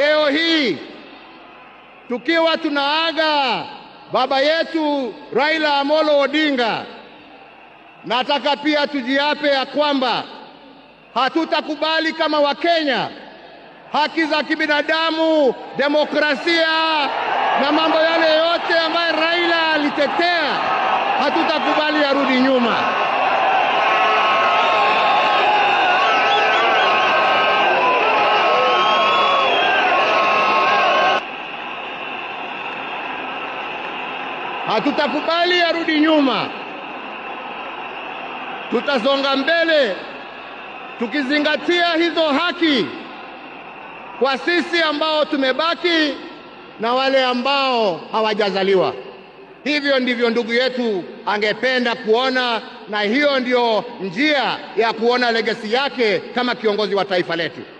Leo hii tukiwa tunaaga baba yetu Raila Amolo Odinga, nataka pia tujiape ya kwamba hatutakubali kama Wakenya haki za kibinadamu, demokrasia na mambo yale yote ambayo Raila alitetea, hatutakubali yarudi nyuma. Hatutakubali arudi nyuma, tutasonga mbele tukizingatia hizo haki kwa sisi ambao tumebaki na wale ambao hawajazaliwa. Hivyo ndivyo ndugu yetu angependa kuona, na hiyo ndiyo njia ya kuona legesi yake kama kiongozi wa taifa letu.